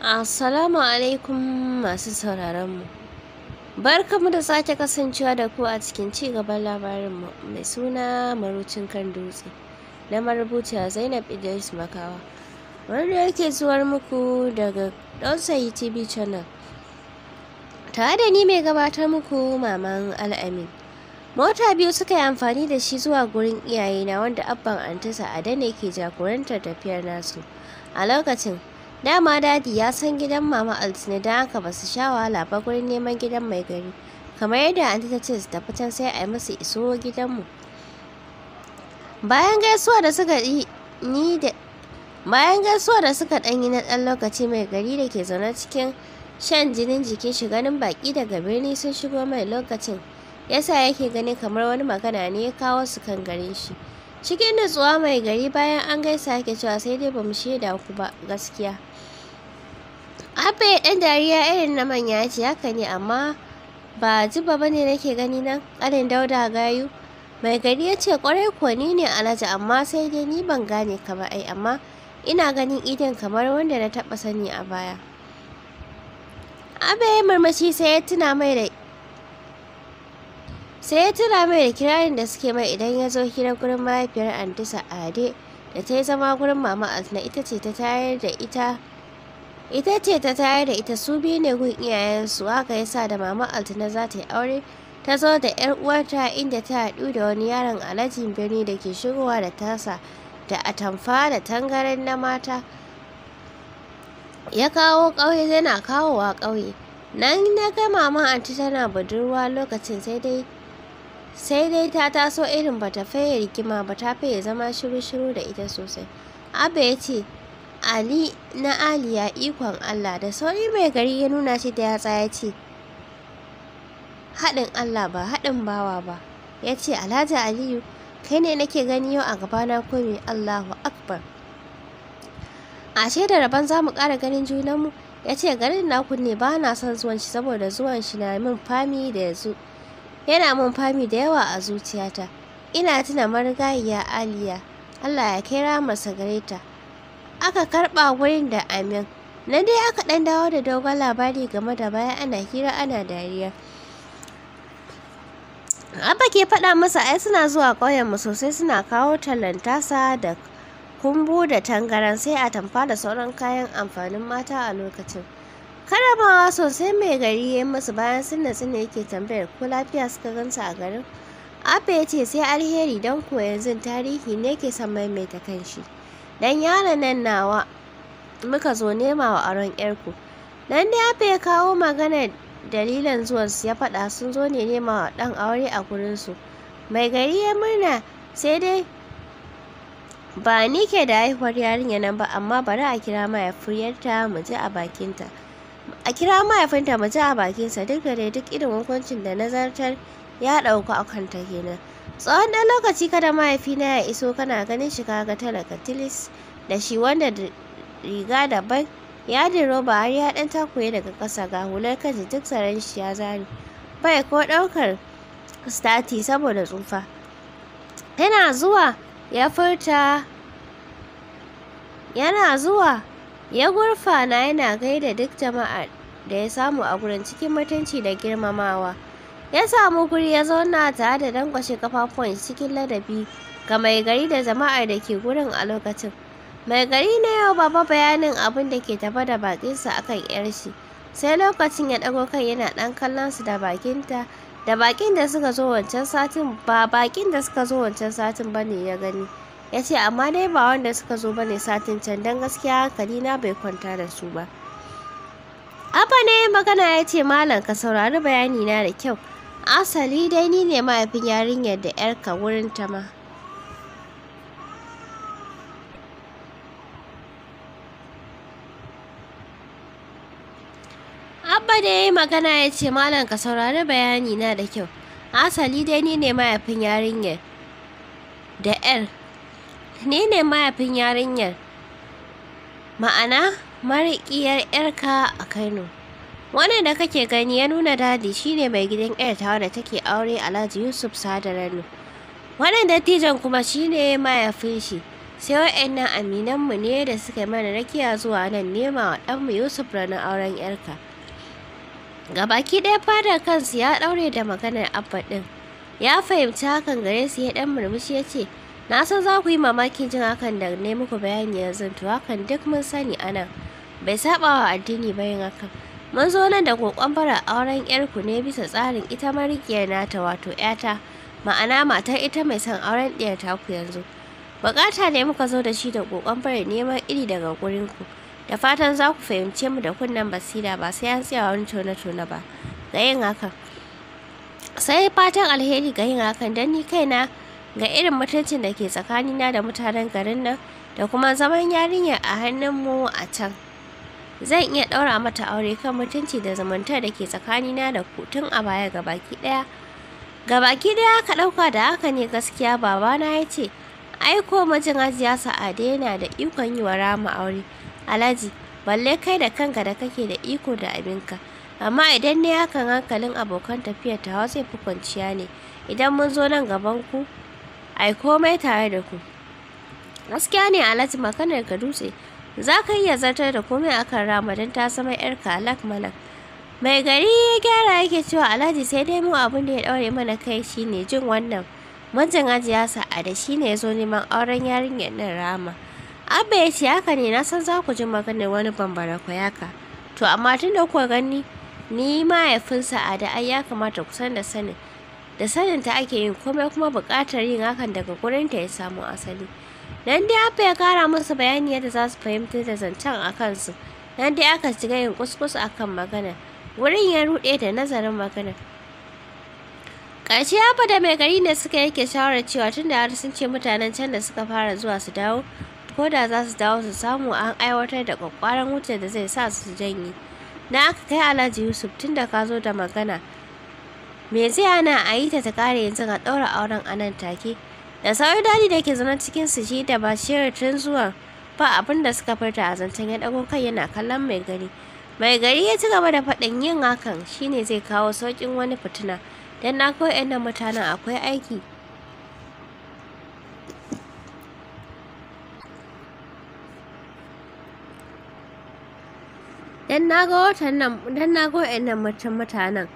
Assalamu alaikum masu mu Barkamu da sake kasancewa da ku a cikin ci gaban labarinmu mai suna marucin kan dutse na marubuciya Zainab Idris Makawa. Wanda yake zuwar muku daga Dausayi TV channel. Tare da ni mai gabatar muku maman al'amin. Mota biyu suka yi amfani da shi zuwa gurin iyayena wanda abban antasa a ne ke jagorantar tafiyar nasu. A lokacin dama dadi ya san gidan mama altine da haka ba su sha wahala ba gurin neman gidan mai gari kamar yadda an ta ce su tafi can sai a yi musu iso gidanmu bayan gaisuwa da suka yi ni da bayan gaisuwa da suka ɗan yi na ɗan lokaci mai gari da ke zaune cikin shan jinin jikin shi ganin baki daga birni sun shigo mai lokacin yasa yake gani kamar wani magana ne ya kawo su kan gare shi cikin nutsuwa mai gari bayan an gaisa yake cewa sai dai bamu shaida ku ba gaskiya abba ya ɗan dariya irin na manya ce haka ne amma ba jiba ba ne nake gani nan ƙarin dauda gayu mai gari ya ce ƙwarai kuwa ni ne alhaji amma sai dai ni ban gane ka ba ai amma ina ganin idan kamar wanda na taɓa sani a baya abba ya murmushi sai ya tuna mai da sai ya tuna mai da kirarin da suke mai idan ya zo hira gurin mahaifiyar antisa ade da ta yi zama gurin mama asna ita ce ta tayar da ita ta tayar ita su biyu ne gun iyayensu haka ya sa da mama altina za ta yi aure ta zo da yar uwarta inda ta haɗu da wani yaron alajin birni da ke shigowa da tasa da atamfa da tangaren na mata ya kawo ƙauye yana kawowa ƙauye nan na ga mama anti tana budurwa lokacin sai dai sai dai ta taso irin bata faye rigima ba ta faye zama shiru-shiru da ita sosai abba ya ce ali na aliya ikon allah da sauri mai gari ya nuna shi da yatsa ya ce haɗin allah ba haɗin bawa ba ya ce alhaji aliyu kai ne nake gani yau a gabana kome allahu akbar ashe da rabon za mu ƙara ganin junanmu ya ce garin na kunne! ba na son zuwan shi saboda zuwan shi na min fami da yanzu yana mun fami da yawa a zuciyata ina tuna marigayiya aliya allah ya kai masa gare ta aka karɓa wurin da amin na dai aka ɗan dawo da dogon labari game da baya ana hira ana dariya abba ke faɗa masa ai suna zuwa ƙauyenmu sosai suna kawo talantasa da kumbu da tangaran sai a tamfa da sauran kayan amfanin mata a lokacin karabawa sosai mai gari ya masa bayan sun natsu ne yake tambayar ko lafiya suka gansa a garin abba ya ce sai alheri don kuwa yanzu tarihi ne ke son maimaita kan shi. dan yaro nan nawa muka zo nema wa aron yarku Dan dai abba ya kawo magana dalilan zuwansu ya faɗa sun zo ne nema wa ɗan aure a gurinsu mai gari ya murna sai dai ba ni ke da haihuwar yarinya nan ba amma bari a kira mahaifiyarta mu ji a bakinta a kira mahaifinta mace a bakinsa duk da dai duk irin hukuncin da nazartar ya ɗauka a kanta kenan tsawon ɗan lokaci kada mahaifina ya iso kana ganin shi kaga talaka tilis da shi wanda riga daban ya roba har ya ɗan takoye daga ƙasa ga hular kaji duk saran shi ya zare bai ko ɗaukar stati saboda tsufa yana zuwa ya furta yana zuwa ya gurfa na yana gaida duk jama'ar da ya samu a gurin cikin mutunci da girmamawa ya samu guri ya zauna tare da dangwashe kafafuwan cikin ladabi ga mai gari da jama'ar da ke gurin a lokacin mai gari na yau baba bayanin abin da ke tafa da bakinsa akan yar shi sai lokacin ya ɗago kai yana ɗan kallon su da bakinta da bakin da suka zo wancan satin ba bakin da suka zo wancan satin bane ya gani ya ce amma dai ba wanda suka zo bane satin can don gaskiya kalina bai kwanta da su ba abba ne magana ya ce malam ka saurari bayani na da kyau asali dai ni ne mahaifin yarinyar da yarka wurin ta ma abba ne magana ya ce malam ka saurari bayani na da kyau asali dai ni ne mahaifin yarinyar da yar ne ne mahaifin yarinyar ma'ana mariƙiyar yarka a kano wannan da kake gani ya nuna dadi shine mai gidan tawa da take aure alhaji yusuf sadarano wannan dattijan kuma shine mahaifin shi sai wa'annan aminanmu ne da suka mana rakiya zuwa nan nema wa ɗanmu yusuf ranar auren yarka gabaki ɗaya fadar kansu ya ɗaure da maganar abba ɗin ya fahimci hakan gare su ya ɗan murmushi ya ce na san za ku yi mamakin jin hakan da ne muku bayani yanzu to hakan duk mun sani anan bai saba wa addini ba yin hakan mun zo nan da kokon fara auren yarku ne bisa tsarin ita marigiyar nata wato yata ma'ana matar ita mai son auren ɗiyar ku yanzu bukata ne muka zo da shi da kokon fara neman iri daga gurin ku da fatan za ku fahimce mu da kunnen basira ba sai an tsaya wani tona tona ba ga yin hakan sai fatan alheri ga yin hakan don ni kaina ga irin mutuncin da ke tsakanina da mutanen garin nan da kuma zaman yarinya a hannunmu a can zan iya ɗaura mata aure kan mutunci da zumunta da ke tsakanina da ku tun a baya gabaki ɗaya gabaki ɗaya ka ɗauka da haka ne gaskiya babana ya ce aiko mijin a sa'ada yana da ikon yi wa rama aure alhaji balle kai da kanka da kake da iko da abinka amma idan ne hakan hankalin abokan tafiyar hau zai fi kwanciya ne idan mun zo nan gaban ku Ai, komai tare da ku gaskiya ne alhaji maganar ka dutse za ka iya zartar da komai akan rama don ta zama yar kalak malak mai gari ya gyara yake cewa alhaji sai dai mu abin da ya daure mana kai shine jin wannan mijin ajiya sa'ada shine ya zo neman auren yarinyar nan rama abba ya ce haka ne na san za ku ji maganar wani bambara yaka to amma tun da kuka gani ni mahaifinsa sa'a da ai ya kamata ku san da sanin da saninta ake yin komai kuma buƙatar yin hakan daga gurinta ya samu asali nan dai abba ya kara musu bayani yadda za su fahimtar da zancen a kansu nan dai aka shiga yin kuskus a kan magana wurin ya ruɗe da nazarin magana ƙarshe abba da mai gari ne suka yake shawarar cewa tunda da har sun ce mutanen can da suka fara zuwa su dawo ko da za su dawo su samu an aiwatar da ƙwaƙƙwaran wuce da zai sa su janye na aka kai alhaji yusuf tunda ka zo da magana me zai hana a yi ta ta kare yanzu ga ɗaura auren anan take da sauri dadi da ke zaune cikin su shi da bashir tun zuwa ba abin da suka furta a zancen ya dago kai yana kallon mai gari mai gari ya ci gaba da faɗin yin hakan shine zai kawo saukin wani fituna. Dan na kawai yan nan mutanen akwai aiki dan na ga watan nan na ga nan mutanen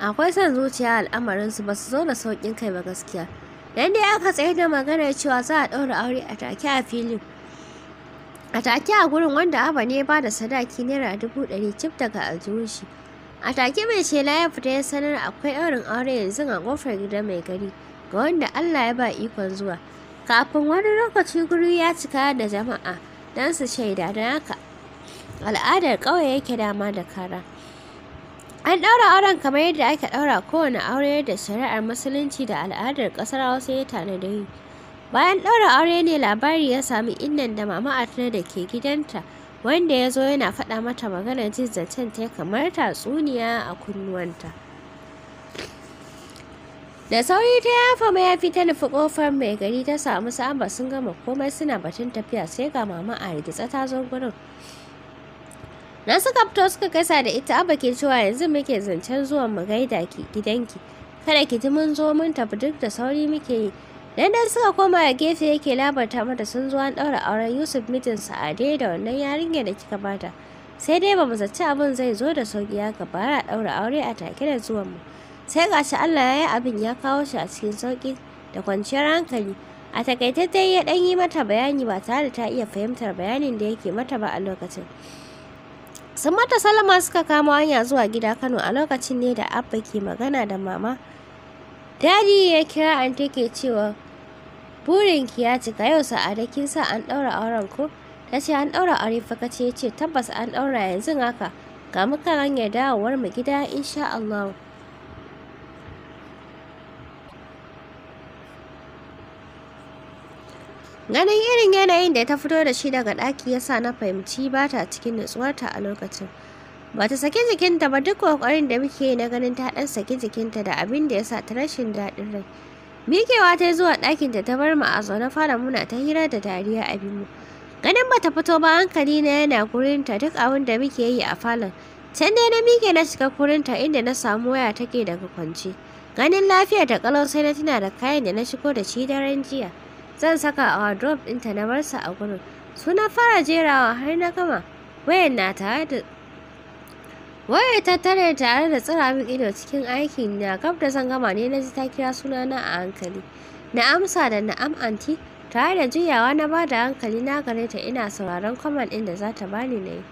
akwai son zuciya al'amarinsu ba su zo da sauƙin kai ba gaskiya dan dai aka tsaye da maganar cewa za a ɗaura aure a take a filin a take a gurin wanda aba ne ba da sadaki naira dubu ɗari cif daga aljihunshi. a take mai shela ya fita ya sanar akwai ɗaurin aure yanzu a ƙofar gida mai gari ga wanda allah ya ba ikon zuwa kafin wani lokaci guri ya cika da jama'a don su shaida don haka al'adar ƙauye yake dama da kara An ɗaura auren kamar yadda ake ɗaura kowane aure da shari'ar musulunci da al'adar ƙasar Hausa ya yi. Bayan ɗaura aure ne labari ya sami innan da mama Atna da ke gidanta wanda ya zo yana faɗa mata magana jin zancen ta kamar tatsuniya a kunnuwanta. Da sauri ta yafa mayafi ta nufi kofar mai gari ta samu sa'aba sun gama komai suna batun tafiya sai ga mama a rigitsa ta zo gurin. na saka fito suka kasa da ita abba ke cewa yanzu muke zancen zuwan mu gaida ki gidanki kada ki ji mun zo mun tafi duk da sauri muke yi dan dan suka koma gefe yake labarta mata sun zo an daura auren Yusuf mijin sa Sa'ade da wannan yarinya da kika bata sai dai bamu zaci abin zai zo da sauki ya bara daura aure a take da zuwan mu sai gashi Allah ya yi abin ya kawo shi a cikin sauki da kwanciyar hankali a takaice ya dan yi mata bayani ba tare da ta iya fahimtar bayanin da yake mata ba a lokacin sun mata salama suka kamo hanya zuwa gida kano a lokacin ne da abba ke magana da mama dadi ya kira an take cewa burinki ya cika yau sa'ada kin sa an ɗaura auren ku. ta ce an ɗaura aure fakace ya ce tabbas an ɗaura yanzu haka ga muka hanyar dawowar mu gida insha Allah Ganin irin yanayin da ta fito da shi daga ɗaki ya sa na fahimci ba ta cikin nutsuwarta a lokacin. Ba ta saki jikinta ba duk ƙoƙarin da muke yi na ganin ta ɗan saki jikinta da abin da ya sa ta rashin daɗin rai. Mikewa ta zuwa ɗakinta ta bar mu a zaune fara muna ta hira da dariya a mu. Ganin ba ta fito ba hankali na yana gurinta duk abin da muke yi a falon. Can dai na mike na shiga ta inda na samu waya take daga kwance. Ganin lafiya ta kalau sai na tuna da kayan da na shigo da shi daren jiya. zan saka a wardrobe ɗinta na barsa a gurin su na fara jerawa har na gama wayar na tare da wayar ta tare tare da tsira ido cikin aiki na gab da zan gama ne na ji ta kira sunana a hankali na amsa da na'am anti tare da juyawa na ba da hankali na gare ta ina sauraron kwamal ɗin da za ta bani na yi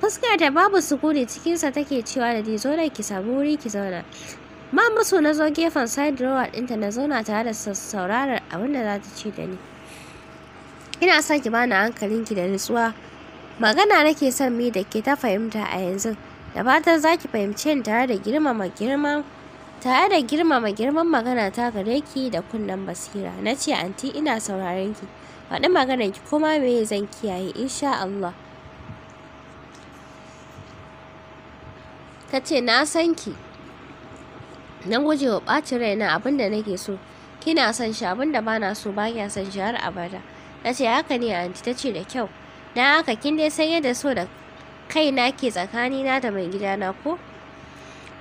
fuskar ta babu sukuni cikinsa take cewa da ni zo ki samu wuri ki zauna ma musu na zo gefen side drawer ɗinta na zauna tare da sauraron abin da za ta ce da ni ina son ki bani hankalinki da nutsuwa magana nake son mi da ke ta fahimta a yanzu da fatan za ki fahimce ni tare da girmama girma tare da girmama girman magana ta gare ki da kunnen basira na ce anti ina sauraron ki faɗi maganar ki kuma me zan kiyaye insha Allah ta ce na san ki na wa ɓacin raina abin da nake so kina son shi abin da bana so ba kya son shi har abada na ce haka ne anti ta ce da kyau na haka kin dai san yadda so da kaina ke tsakanina da mai gidana ko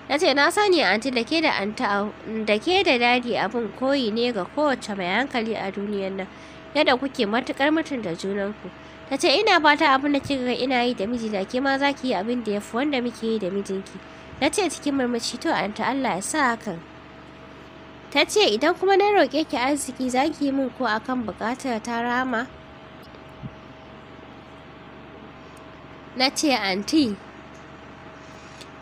na ce na sani anti da ke da anta da ke da dadi abin koyi ne ga kowace mai hankali a duniyar nan yadda kuke matukar mutunta junanku ta ce ina fata abin da kika ga ina yi da miji, ke ma za ki yi abin da ya fi wanda muke yi da mijinki na ce cikin murmushi to an ta Allah ya sa hakan ta ce idan kuma na roƙe ki arziki za ki yi min ko akan buƙatar ta rama na ce anti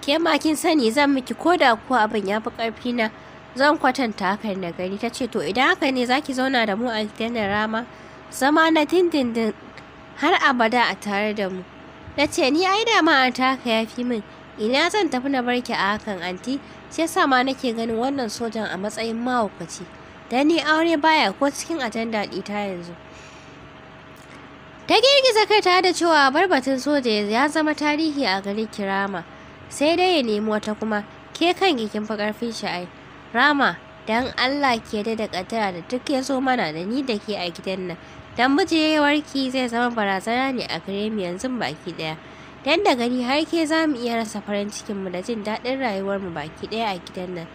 ke ma kin sani zan miki ko da kuwa abin ya fi na zan kwatanta hakan da gani ta ce to idan haka ne za ki zauna da mu a gidan rama zama na dindindin har abada a tare da mu na ce ni ai da ma an taka ya fi min ina zan tafi na barki a hakan anti shi yasa ma nake ganin wannan sojan a matsayin mahaukaci Dan ni aure baya ko cikin ajanda ta yanzu ta girgiza kai ta da cewa bar soja ya zama tarihi a garin kirama sai dai ya nemi wata kuma ke kan kin fi karfin shi ai rama dan allah ke da da kaddara da duk ya zo mana da ni da ke a gidan nan dan mijewar zai zama barazana ne a gare mu yanzu baki daya Dan da gani har ke za mu iya rasa farin cikinmu da jin daɗin rayuwarmu baki ɗaya a gidan nan.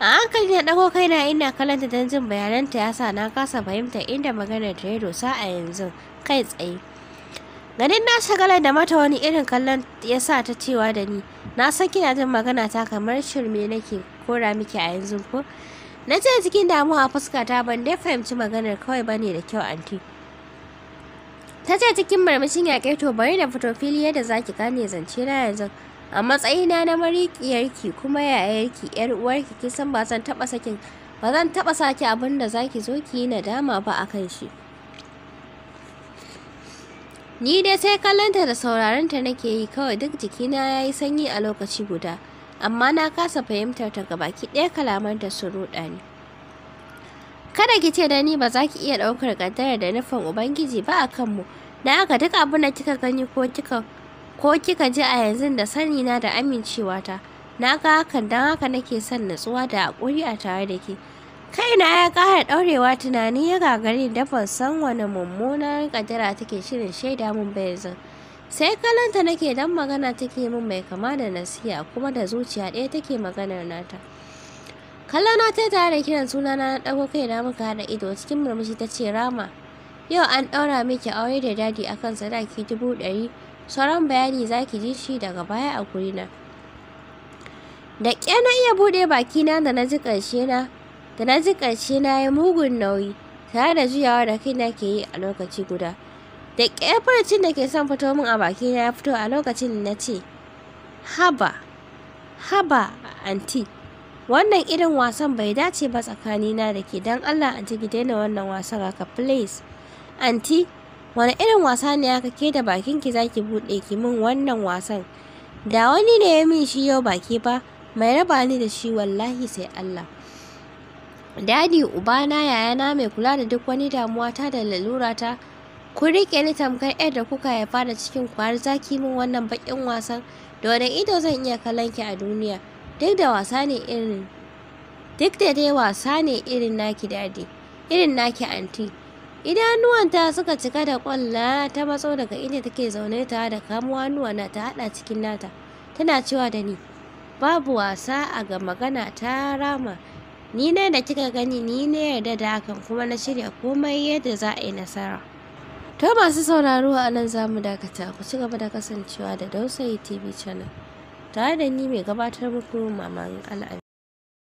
A hankali na ɗago kai na ina ta don jin bayananta ya sa na kasa fahimta inda maganar ta ya dosa a yanzu kai tsaye. Ganin na shagala da mata wani irin kallon ya sa ta cewa da ni, na san kina jin magana ta kamar shirme nake kora miki a yanzu ko? Na ce cikin damuwa a fuskata ban dai fahimci maganar kawai bane da kyau anti. ta ce cikin marmashin yaƙe to bari na fito fili yadda za ki gane zance na yanzu a matsayina na mariƙiyarki kuma yayarki yar uwarki kin san ba zan taɓa sakin ba zan taɓa saki abin da za ki zo ki yi nadama ba a kan shi ni dai sai kallonta da sauraronta nake yi kawai duk jikina ya yi sanyi a lokaci guda amma na kasa fahimtar ta gabaki ɗaya da sun ruɗa ni. kada ki ce da ni ba za ki iya ɗaukar ƙaddarar da nufin ubangiji ba a kanmu da haka duk abin da kika gani ko kika ko kika ji a yanzu da sani na da amincewata na ga hakan don haka nake son natsuwa da haƙuri a tare da ke kaina ya ƙara ɗaurewa tunani ya gagari da ban san wani mummunar ƙaddara take shirin shaida mun ba yanzu sai kalanta nake dan magana take min mai kama da nasiha kuma da zuciya ɗaya take maganar nata kallona ta tare da kiran sunana na dago kaina muka haɗa ido cikin murmushi ta ce rama yau an ɗaura miki aure da dadi a kan sadaki dubu ɗari sauran bayani za ki ji shi daga baya a gurina da ƙya na iya buɗe bakina da na ji ƙarshe na da na ji ƙarshe na ya mugun nauyi tare da juyawa da kaina ke yi a lokaci guda da ƙyar farcin da ke son fito min a bakina ya fito a lokacin na ce haba haba anti wannan irin wasan bai dace ba tsakanina da ke don allah anti ki daina wannan wasan haka please anti wani irin wasa ne aka ke da bakin ki zaki buɗe ki min wannan wasan da wani ne ya min shi yau baki ba mai raba ni da shi wallahi sai allah dadi ubana yayana mai kula da duk wani damuwa ta da lalura ta ku riƙe ni tamkar yar da kuka haifa da cikin kwar zaki min wannan baƙin wasan da wani ido zan iya kalanki ki a duniya duk da wasa ne irin duk da dai wasa ne irin naki dadi irin naki anti idanuwanta suka cika da kwalla ta matso daga inda take zaune ta da kamuwa nuwana ta hada cikin nata tana cewa da ni babu wasa a ga magana ta rama ni ne da kika gani ni ne yarda da hakan kuma na shirya komai yadda za a yi nasara to masu sauraro a nan za mu dakata ku ci gaba da kasancewa da dausayi tv channel tare da ni mai gabatar muku mamman al'adu